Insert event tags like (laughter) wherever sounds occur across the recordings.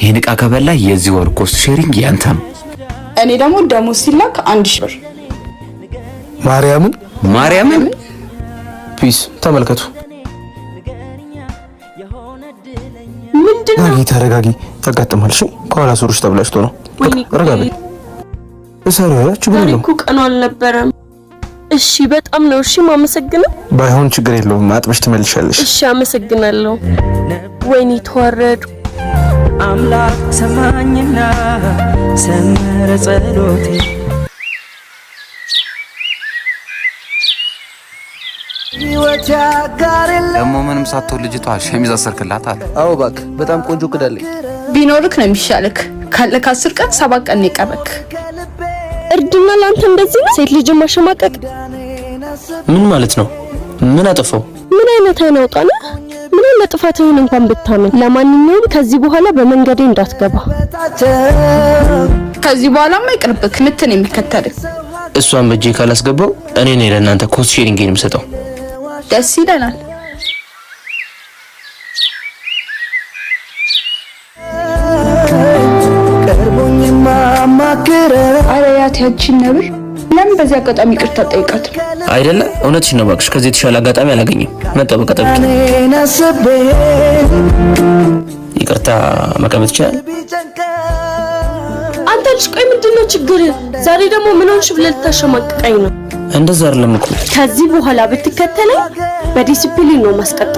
ይህን ዕቃ ከበላ የዚህ ወር ኮስት ሼሪንግ ያንተ ነው። እኔ ደግሞ ደሞ ሲላክ አንድ ሺህ ብር ማርያምን ማርያምን ፒስ ተመልከቱ። ምንድነው? ተረጋጊ፣ ያጋጥማል። እሺ ከኋላ ሱሮች ተብላሽቶ ነው። ረጋ እሰሩ ያላችሁ ብሎ ነው። ቀኑ አልነበረም። እሺ፣ በጣም ነው እሺ፣ ማመሰግነው። ባይሆን ችግር የለውም አጥበሽ ትመልሻለሽ። እሺ፣ አመሰግናለሁ። ወይኔ ተዋረዱ። አምላክ ሰማኝና ሰመረ ጸሎቴ። ደግሞ ምንም ሳትሆን ልጅቷ ሸሚዝ አሰርክላት አለ። አዎ፣ እባክህ በጣም ቆንጆ ክዳለኝ። ቢኖርክ ነው የሚሻልክ። ካለክ አስር ቀን ሰባት ቀን የቀረክ እርድና ላንተ እንደዚህ ነው ሴት ልጅ ማሸማቀቅ? ምን ማለት ነው? ምን አጠፋው? ምን አይነት አይን አውጣ ምን አይነት ጥፋትህን እንኳን ብታምን። ለማንኛውም ከዚህ በኋላ በመንገዴ እንዳትገባ። ከዚህ በኋላ ማይቀርብክ ምትን የሚከተልህ እሷን በእጄ ካላስገባው እኔ ነኝ ለእናንተ ኮስት ሼሪንግ የምሰጠው። ደስ ይለናል። ያቺን ነብር ለምን በዚህ አጋጣሚ ይቅርታ ጠይቃት አይደለም። እውነትሽ ነው እባክሽ፣ ከዚህ የተሻለ አጋጣሚ አላገኘም። መጠበቅ ጠብቂ። ይቅርታ መቀመጥ ይችላል። አንተ ልጅ ቆይ፣ ምንድነው ችግር? ዛሬ ደግሞ ምን ሆንሽ ብለህ ልታሸማቅቀኝ ነው? እንደዛ አይደለም እኮ። ከዚህ በኋላ ብትከተለኝ በዲሲፕሊን ነው ማስቀጣ።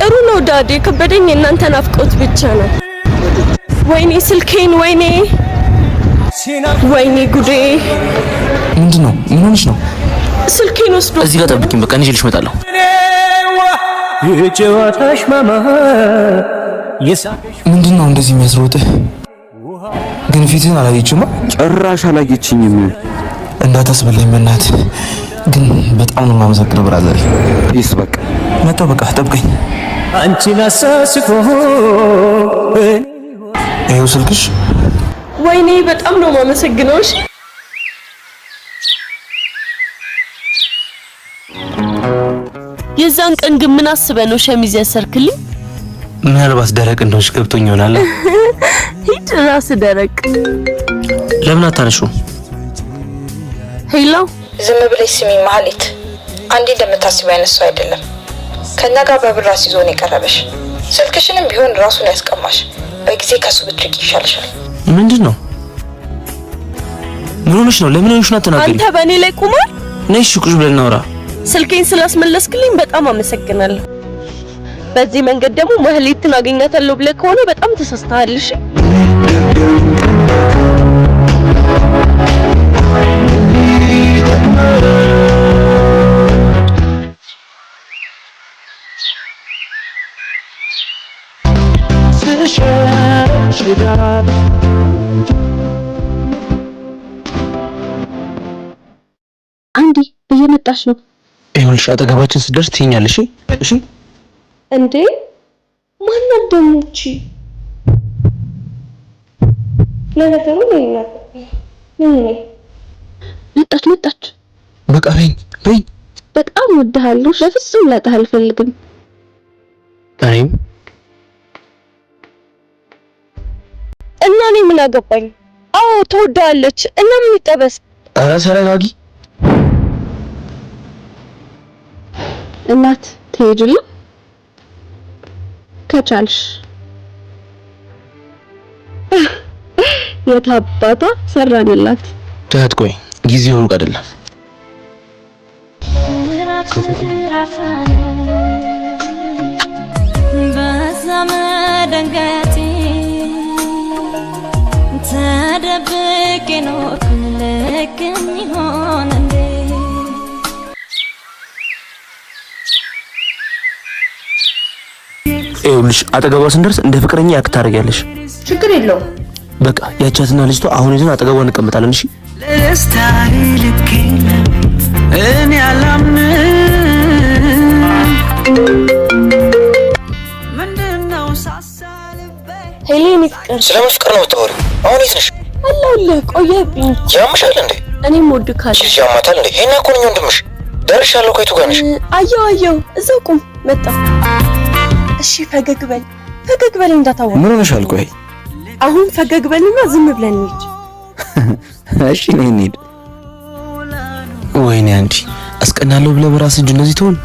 ጥሩ ነው ዳድ። የከበደኝ የእናንተ ናፍቆት ብቻ ነው። ወይኔ ስልኬን፣ ወይኔ ወይኔ ጉዴ! ምንድን ነው? ምን ሆነሽ ነው? ስልኬን ወስዶ እዚህ ጋር ጠብቂኝ፣ በቃ እኔ ይዤልሽ እመጣለሁ። ምንድን ነው እንደዚህ የሚያስሮጥህ? ግን ፊትህን አላየችማ። ጭራሽ አላየችኝም። እንዳታስበላኝ በእናትህ። ግን በጣም ነው የማመሰግነው ብራዘር። ይስ በቃ መጣው። በቃ ጠብቀኝ። አንቺን አሳስቶ ይኸው ስልክሽ። ወይኔ በጣም ነው የማመሰግነው። የዛን ቀን ግን ምን አስበህ ነው ሸሚዝ ያሰርክልኝ? ምናልባት ደረቅ እንደሆነች ገብቶኝ ይሆናል። (laughs) ሂድ ራስህ ደረቅ። ለምን አታነሺውም? ሄሎ ዝም ብለሽ ስሚ ማህሌት፣ አንዴ እንደምታስቢው አይነት ሰው አይደለም። ከእኛ ጋር በብር አስይዞ ነው የቀረበሽ። ስልክሽንም ቢሆን ራሱን ያስቀማሽ። በጊዜ ከሱ ብትርቂ ይሻልሻል። ምንድን ነው? ምን ሆነሽ ነው? ለምን ሆነሽ ነው? አትናገሪ። አንተ በእኔ ላይ ቁማር ነሽ? ቁጭ ብለን እናውራ። ስልኬን ስላስመለስክልኝ በጣም አመሰግናለሁ። በዚህ መንገድ ደግሞ ማህሌትን አገኛታለሁ ብለህ ከሆነ በጣም ተሳስተሃል። እሺ እየመጣች ነው። ይኸውልሽ አጠገባችን ስደርስ ትይኛለሽ። እሺ? እንዴ ማናት ደግሞ እቺ? ለነገሩ መጣች መጣች። በቃ በይኝ በይኝ። በጣም ወድሃለሁ። ለፍጹም ላጣህ አልፈልግም። እኔም እና እኔ ምን አገባኝ? አዎ ተወዳለች እና ምን ይጠበስ? ኧረ ተረጋጊ እናት ትሄጂና ከቻልሽ የታባቷ ሰራንላት። ትህት ቆይ ጊዜው ሩቅ አይደለም። ተደብቄ ይኸውልሽ አጠገቧ ስንደርስ እንደ ፍቅረኛ ያክት ታደርጊያለሽ። ችግር የለውም። በቃ ያቻትና ልጅቷ አሁን ይዘን አጠገቧ እንቀመጣለን። እሺ ሄሌን ይፍቅር። ስለምን ፍቅር ነው የምታወሪው? አሁን የት ነሽ? አለሁልህ። ያምሻል እንዴ? እኔም ወድካለሁ። ልጅ ያማታል እንዴ? እኮ ወንድምሽ። ደርሻለሁ። ከየቱ ጋር ነሽ? አየሁ አየሁ፣ እዛው ቁም። መጣሁ እሺ ፈገግ በል ፈገግ በል እንዳታወቅ። ምን ሆነሻል? ቆይ አሁን ፈገግ በልና ዝም ብለን እንሂድ። (laughs) እሺ ነይ እንሂድ። ወይኔ አንቺ አስቀናለሁ ብለህ በራስህ እጅ እንደዚህ ትሆን